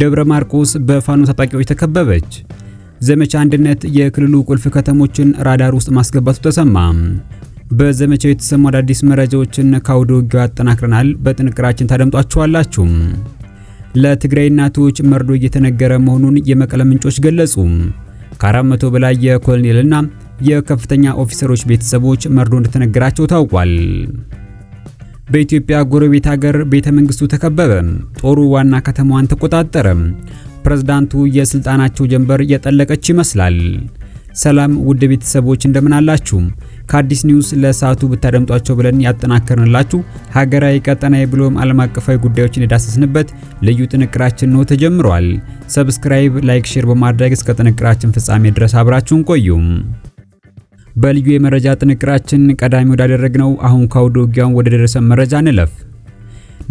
ደብረ ማርቆስ በፋኖ ታጣቂዎች ተከበበች። ዘመቻ አንድነት የክልሉ ቁልፍ ከተሞችን ራዳር ውስጥ ማስገባቱ ተሰማ። በዘመቻው የተሰሙ አዳዲስ መረጃዎችን ከአውደ ውጊያው አጠናክረናል። በጥንቅራችን ታደምጧቸዋላችሁ። ለትግራይ እናቶች መርዶ እየተነገረ መሆኑን የመቀለ ምንጮች ገለጹ። ከ400 በላይ የኮሎኔልና የከፍተኛ ኦፊሰሮች ቤተሰቦች መርዶ እንደተነገራቸው ታውቋል። በኢትዮጵያ ጎረቤት ሀገር ቤተ መንግስቱ ተከበበ። ጦሩ ዋና ከተማዋን ተቆጣጠረ። ፕሬዝዳንቱ የስልጣናቸው ጀንበር የጠለቀች ይመስላል። ሰላም ውድ ቤተሰቦች እንደምን አላችሁ? ከአዲስ ኒውስ ለሰዓቱ ብታደምጧቸው ብለን ያጠናከርንላችሁ ሀገራዊ፣ ቀጠናዊ ብሎም ዓለም አቀፋዊ ጉዳዮችን የዳሰስንበት ልዩ ጥንቅራችን ነው ተጀምሯል። ሰብስክራይብ፣ ላይክ፣ ሼር በማድረግ እስከ ጥንቅራችን ፍጻሜ ድረስ አብራችሁን ቆዩም። በልዩ የመረጃ ጥንቅራችን ቀዳሚ ነው። አሁን ካውዶ ውጊያውን ወደ ደረሰ መረጃ እንለፍ።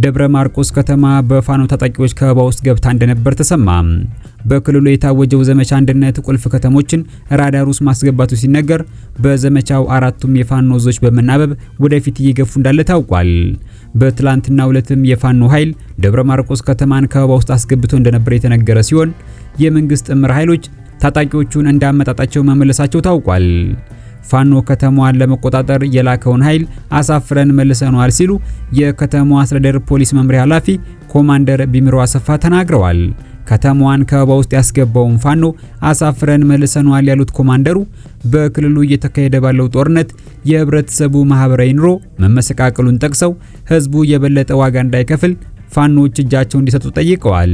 ደብረ ማርቆስ ከተማ በፋኖ ታጣቂዎች ከበባ ውስጥ ገብታ እንደነበር ተሰማ። በክልሉ የታወጀው ዘመቻ አንድነት ቁልፍ ከተሞችን ራዳር ውስጥ ማስገባቱ ሲነገር በዘመቻው አራቱም የፋኖ ዞች በመናበብ ወደፊት እየገፉ እንዳለ ታውቋል። በትላንትና ዕለትም የፋኖ ኃይል ደብረ ማርቆስ ከተማን ከበባ ውስጥ አስገብቶ እንደነበር የተነገረ ሲሆን የመንግስት ጥምር ኃይሎች ታጣቂዎቹን እንዳመጣጣቸው መመለሳቸው ታውቋል። ፋኖ ከተማዋን ለመቆጣጠር የላከውን ኃይል አሳፍረን መልሰነዋል ሲሉ የከተማዋ አስተዳደር ፖሊስ መምሪያ ኃላፊ ኮማንደር ቢምሮ አሰፋ ተናግረዋል። ከተማዋን ከበባ ውስጥ ያስገባውን ፋኖ አሳፍረን መልሰነዋል ያሉት ኮማንደሩ በክልሉ እየተካሄደ ባለው ጦርነት የህብረተሰቡ ማህበራዊ ኑሮ መመሰቃቀሉን ጠቅሰው ህዝቡ የበለጠ ዋጋ እንዳይከፍል ፋኖች እጃቸው እንዲሰጡ ጠይቀዋል።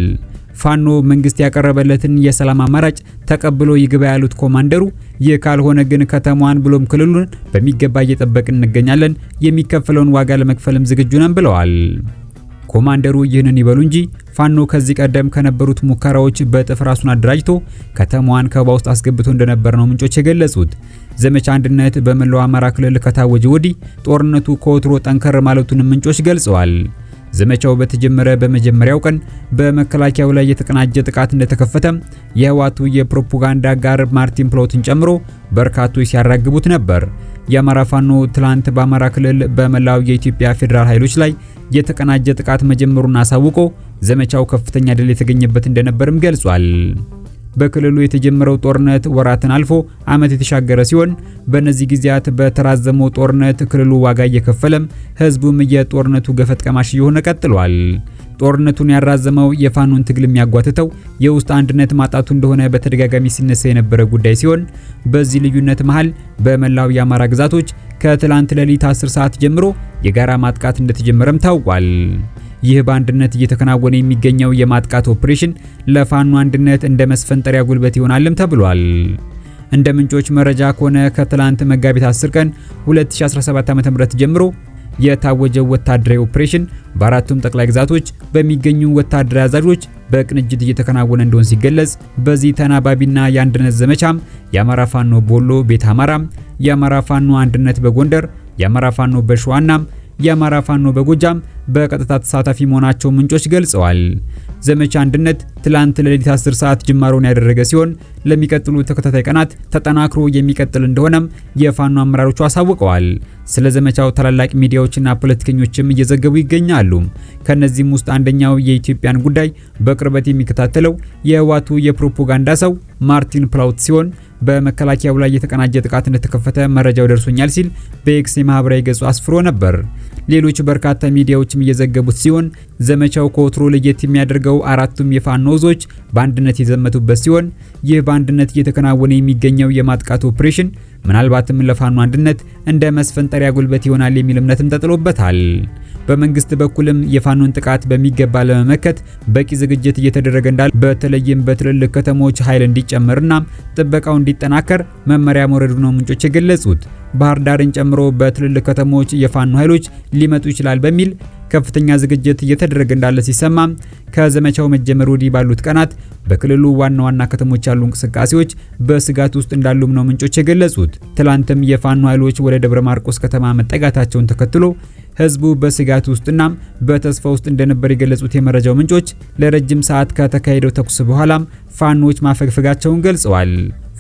ፋኖ መንግስት ያቀረበለትን የሰላም አማራጭ ተቀብሎ ይግባ ያሉት ኮማንደሩ፣ ይህ ካልሆነ ግን ከተማዋን ብሎም ክልሉን በሚገባ እየጠበቅን እንገኛለን፣ የሚከፈለውን ዋጋ ለመክፈልም ዝግጁ ነን ብለዋል። ኮማንደሩ ይህንን ይበሉ እንጂ ፋኖ ከዚህ ቀደም ከነበሩት ሙከራዎች በጥፍ ራሱን አደራጅቶ ከተማዋን ከበባ ውስጥ አስገብቶ እንደነበር ነው ምንጮች የገለጹት። ዘመቻ አንድነት በመላው አማራ ክልል ከታወጀ ወዲህ ጦርነቱ ከወትሮ ጠንከር ማለቱን ምንጮች ገልጸዋል። ዘመቻው በተጀመረ በመጀመሪያው ቀን በመከላከያው ላይ የተቀናጀ ጥቃት እንደተከፈተ የህዋቱ የፕሮፓጋንዳ ጋር ማርቲን ፕሎትን ጨምሮ በርካቶች ሲያራግቡት ነበር። የአማራ ፋኖ ትላንት በአማራ ክልል በመላው የኢትዮጵያ ፌዴራል ኃይሎች ላይ የተቀናጀ ጥቃት መጀመሩን አሳውቆ ዘመቻው ከፍተኛ ድል የተገኘበት እንደነበርም ገልጿል። በክልሉ የተጀመረው ጦርነት ወራትን አልፎ ዓመት የተሻገረ ሲሆን በእነዚህ ጊዜያት በተራዘመው ጦርነት ክልሉ ዋጋ እየከፈለም ህዝቡም የጦርነቱ ገፈት ቀማሽ እየሆነ ቀጥሏል። ጦርነቱን ያራዘመው የፋኖን ትግል የሚያጓትተው የውስጥ አንድነት ማጣቱ እንደሆነ በተደጋጋሚ ሲነሳ የነበረ ጉዳይ ሲሆን በዚህ ልዩነት መሃል በመላው የአማራ ግዛቶች ከትላንት ሌሊት 10 ሰዓት ጀምሮ የጋራ ማጥቃት እንደተጀመረም ታውቋል። ይህ በአንድነት እየተከናወነ የሚገኘው የማጥቃት ኦፕሬሽን ለፋኖ አንድነት እንደ መስፈንጠሪያ ጉልበት ይሆናልም ተብሏል። እንደ ምንጮች መረጃ ከሆነ ከትላንት መጋቢት 10 ቀን 2017 ዓ.ም ጀምሮ የታወጀው ወታደራዊ ኦፕሬሽን በአራቱም ጠቅላይ ግዛቶች በሚገኙ ወታደራዊ አዛዦች በቅንጅት እየተከናወነ እንደሆነ ሲገለጽ፣ በዚህ ተናባቢና የአንድነት ዘመቻም የአማራ ፋኖ ቦሎ ቤት አማራም የአማራ ፋኖ አንድነት በጎንደር፣ የአማራ ፋኖ በሸዋናም የአማራ ፋኖ በጎጃም በቀጥታ ተሳታፊ መሆናቸው ምንጮች ገልጸዋል። ዘመቻ አንድነት ትላንት ለሌሊት 10 ሰዓት ጅማሮን ያደረገ ሲሆን ለሚቀጥሉ ተከታታይ ቀናት ተጠናክሮ የሚቀጥል እንደሆነም የፋኖ አመራሮቹ አሳውቀዋል። ስለ ዘመቻው ታላላቅ ሚዲያዎችና ፖለቲከኞችም እየዘገቡ ይገኛሉ። ከነዚህም ውስጥ አንደኛው የኢትዮጵያን ጉዳይ በቅርበት የሚከታተለው የህዋቱ የፕሮፓጋንዳ ሰው ማርቲን ፕላውት ሲሆን በመከላከያው ላይ የተቀናጀ ጥቃት እንደተከፈተ መረጃው ደርሶኛል ሲል በኤክስ የማህበራዊ ገጹ አስፍሮ ነበር። ሌሎች በርካታ ሚዲያዎችም እየዘገቡት ሲሆን ዘመቻው ከወትሮ ለየት የሚያደርገው አራቱም የፋኖ እዞች በአንድነት የዘመቱበት ሲሆን ይህ በአንድነት እየተከናወነ የሚገኘው የማጥቃት ኦፕሬሽን ምናልባትም ለፋኖ አንድነት እንደ መስፈንጠሪያ ጉልበት ይሆናል የሚል እምነትም ተጥሎበታል። በመንግስት በኩልም የፋኖን ጥቃት በሚገባ ለመመከት በቂ ዝግጅት እየተደረገ እንዳለ በተለይም በትልልቅ ከተሞች ኃይል እንዲጨመርና ጥበቃው እንዲጠናከር መመሪያ መውረዱ ነው ምንጮች የገለጹት። ባህር ዳርን ጨምሮ በትልልቅ ከተሞች የፋኖ ኃይሎች ሊመጡ ይችላል በሚል ከፍተኛ ዝግጅት እየተደረገ እንዳለ ሲሰማ ከዘመቻው መጀመር ወዲህ ባሉት ቀናት በክልሉ ዋና ዋና ከተሞች ያሉ እንቅስቃሴዎች በስጋት ውስጥ እንዳሉም ነው ምንጮች የገለጹት። ትላንትም የፋኖ ኃይሎች ወደ ደብረ ማርቆስ ከተማ መጠጋታቸውን ተከትሎ ህዝቡ በስጋት ውስጥና በተስፋ ውስጥ እንደነበር የገለጹት የመረጃው ምንጮች ለረጅም ሰዓት ከተካሄደው ተኩስ በኋላም ፋኖች ማፈግፈጋቸውን ገልጸዋል።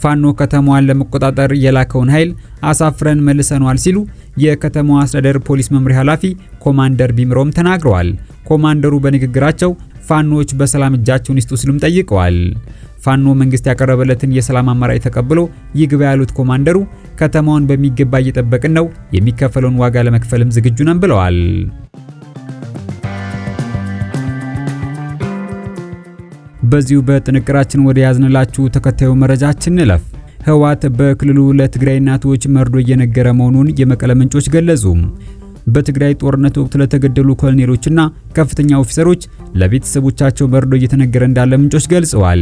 ፋኖ ከተማዋን ለመቆጣጠር የላከውን ኃይል አሳፍረን መልሰነዋል ሲሉ የከተማዋ አስተዳደር ፖሊስ መምሪያ ኃላፊ ኮማንደር ቢምሮም ተናግረዋል። ኮማንደሩ በንግግራቸው ፋኖዎች በሰላም እጃቸውን ይስጡ ሲሉም ጠይቀዋል። ፋኖ መንግስት ያቀረበለትን የሰላም አማራጭ ተቀብሎ ይግባ ያሉት ኮማንደሩ ከተማውን በሚገባ እየጠበቅን ነው፣ የሚከፈለውን ዋጋ ለመክፈልም ዝግጁ ነን ብለዋል። በዚሁ በጥንቅራችን ወደ ያዝንላችሁ ተከታዩ መረጃችን እንለፍ። ህወሓት በክልሉ ለትግራይ እናቶች መርዶ እየነገረ መሆኑን የመቀለ ምንጮች ገለጹ። በትግራይ ጦርነት ወቅት ለተገደሉ ኮሎኔሎችና ከፍተኛ ኦፊሰሮች ለቤተሰቦቻቸው መርዶ እየተነገረ እንዳለ ምንጮች ገልጸዋል።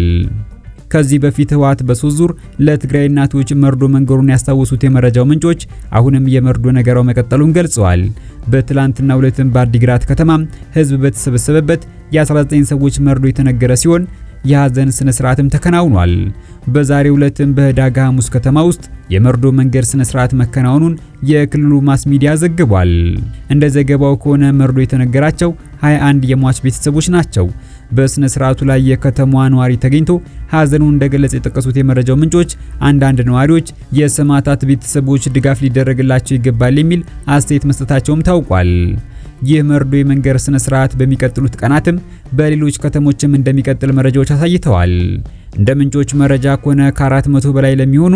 ከዚህ በፊት ህወሓት በሶስት ዙር ለትግራይ እናቶች መርዶ መንገሩን ያስታወሱት የመረጃው ምንጮች አሁንም የመርዶ ነገራው መቀጠሉን ገልጸዋል። በትላንትና ሁለትም በአዲግራት ከተማ ህዝብ በተሰበሰበበት የ19 ሰዎች መርዶ የተነገረ ሲሆን የሐዘን ስነ ስርዓትም ተከናውኗል። በዛሬው ዕለትም በህዳግ ሐሙስ ከተማ ውስጥ የመርዶ መንገድ ስነ ስርዓት መከናወኑን የክልሉ ማስ ሚዲያ ዘግቧል። እንደ ዘገባው ከሆነ መርዶ የተነገራቸው 21 የሟች ቤተሰቦች ናቸው። በስነ ስርዓቱ ላይ የከተማዋ ነዋሪ ተገኝቶ ሐዘኑን እንደገለጸ የጠቀሱት የመረጃው ምንጮች አንዳንድ ነዋሪዎች የሰማዕታት ቤተሰቦች ድጋፍ ሊደረግላቸው ይገባል የሚል አስተያየት መስጠታቸውም ታውቋል። ይህ መርዶ የመንገር ስነ ስርዓት በሚቀጥሉት ቀናትም በሌሎች ከተሞችም እንደሚቀጥል መረጃዎች አሳይተዋል። እንደ ምንጮች መረጃ ከሆነ ከ400 በላይ ለሚሆኑ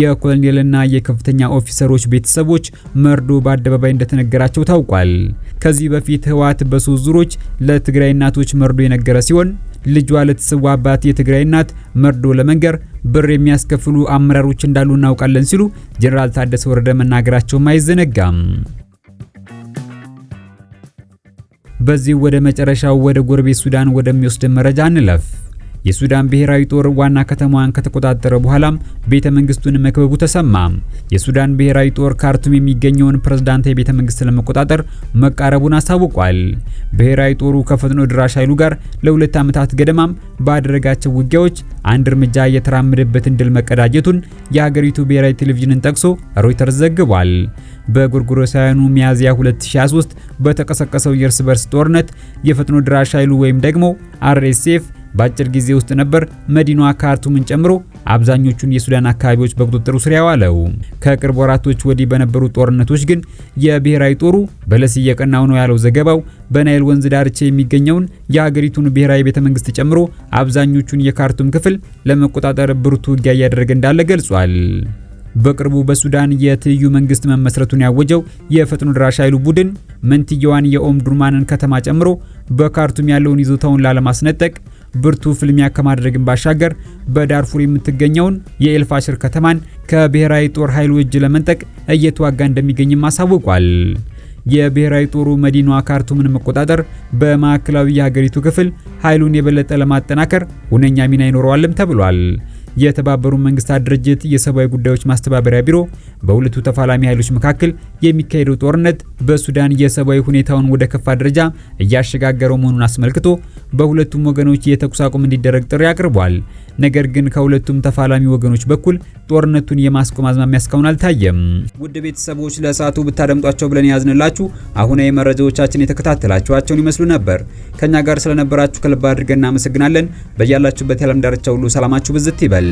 የኮሎኔልና የከፍተኛ ኦፊሰሮች ቤተሰቦች መርዶ በአደባባይ እንደተነገራቸው ታውቋል። ከዚህ በፊት ህወሓት በሶስት ዙሮች ለትግራይ እናቶች መርዶ የነገረ ሲሆን ልጇ ለተሰዋ አባት የትግራይ እናት መርዶ ለመንገር ብር የሚያስከፍሉ አመራሮች እንዳሉ እናውቃለን ሲሉ ጄኔራል ታደሰ ወረደ መናገራቸውም አይዘነጋም። በዚህ ወደ መጨረሻው ወደ ጎረቤት ሱዳን ወደሚወስድ መረጃ እንለፍ። የሱዳን ብሔራዊ ጦር ዋና ከተማዋን ከተቆጣጠረ በኋላም ቤተ መንግስቱን መክበቡ ተሰማ። የሱዳን ብሔራዊ ጦር ካርቱም የሚገኘውን ፕሬዝዳንታዊ ቤተ መንግስት ለመቆጣጠር መቃረቡን አሳውቋል። ብሔራዊ ጦሩ ከፈጥኖ ድራሽ ኃይሉ ጋር ለሁለት ዓመታት ገደማም ባደረጋቸው ውጊያዎች አንድ እርምጃ የተራመደበትን ድል መቀዳጀቱን የሀገሪቱ ብሔራዊ ቴሌቪዥንን ጠቅሶ ሮይተርስ ዘግቧል። በጎርጎሮሳውያኑ ሚያዝያ 2023 በተቀሰቀሰው የእርስ በርስ ጦርነት የፈጥኖ ድራሽ ኃይሉ ወይም ደግሞ አርኤስኤፍ በአጭር ጊዜ ውስጥ ነበር መዲናዋ ካርቱምን ጨምሮ አብዛኞቹን የሱዳን አካባቢዎች በቁጥጥሩ ስር ያዋለው። ከቅርብ ወራቶች ወዲህ በነበሩ ጦርነቶች ግን የብሔራዊ ጦሩ በለስ እየቀናው ነው ያለው ዘገባው በናይል ወንዝ ዳርቻ የሚገኘውን የሀገሪቱን ብሔራዊ ቤተመንግስት ጨምሮ አብዛኞቹን የካርቱም ክፍል ለመቆጣጠር ብርቱ ውጊያ እያደረገ እንዳለ ገልጿል። በቅርቡ በሱዳን የትይዩ መንግስት መመስረቱን ያወጀው የፈጥኖ ድራሽ ኃይሉ ቡድን መንትየዋን ዱርማንን ከተማ ጨምሮ በካርቱም ያለውን ይዞታውን ላለማስነጠቅ ብርቱ ፍልሚያ ከማድረግን ባሻገር በዳርፉር የምትገኘውን የኤልፋሽር ከተማን ከብሔራዊ ጦር ኃይሉ እጅ ለመንጠቅ እየተዋጋ እንደሚገኝም አሳውቋል። የብሔራዊ ጦሩ መዲናዋ ካርቱምን መቆጣጠር በማዕከላዊ የሀገሪቱ ክፍል ኃይሉን የበለጠ ለማጠናከር ሁነኛ ሚና ይኖረዋልም ተብሏል። የተባበሩ መንግስታት ድርጅት የሰብአዊ ጉዳዮች ማስተባበሪያ ቢሮ በሁለቱ ተፋላሚ ኃይሎች መካከል የሚካሄደው ጦርነት በሱዳን የሰብአዊ ሁኔታውን ወደ ከፋ ደረጃ እያሸጋገረው መሆኑን አስመልክቶ በሁለቱም ወገኖች የተኩስ አቁም እንዲደረግ ጥሪ አቅርቧል። ነገር ግን ከሁለቱም ተፋላሚ ወገኖች በኩል ጦርነቱን የማስቆም አዝማሚያ እስካሁን አልታየም። ውድ ቤተሰቦች ለሰዓቱ ብታደምጧቸው ብለን ያዝንላችሁ አሁናዊ መረጃዎቻችን የተከታተላችኋቸውን ይመስሉ ነበር። ከኛ ጋር ስለነበራችሁ ከልብ አድርገን እናመሰግናለን። በያላችሁበት የዓለም ዳርቻ ሁሉ ሰላማችሁ ብዝት ይበል።